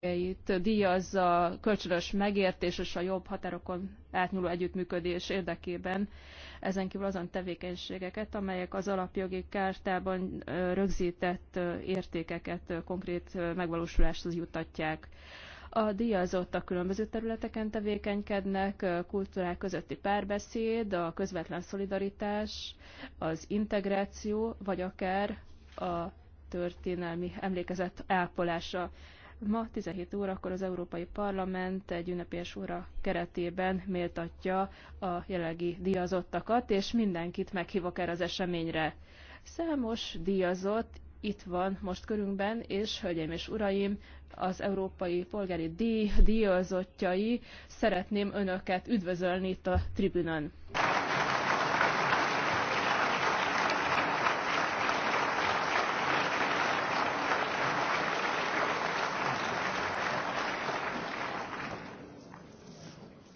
költségeit díjazza kölcsönös megértés és a jobb határokon átnyúló együttműködés érdekében ezen kívül azon tevékenységeket, amelyek az alapjogi kártában rögzített értékeket konkrét megvalósuláshoz jutatják. A a különböző területeken tevékenykednek, kultúrák közötti párbeszéd, a közvetlen szolidaritás, az integráció, vagy akár a történelmi emlékezet ápolása. Ma 17 órakor az Európai Parlament egy ünnepés óra keretében méltatja a jelenlegi díjazottakat, és mindenkit meghívok erre az eseményre. Számos díjazott itt van most körünkben, és hölgyeim és uraim, az Európai Polgári Díj díjazottjai, szeretném önöket üdvözölni itt a tribünön.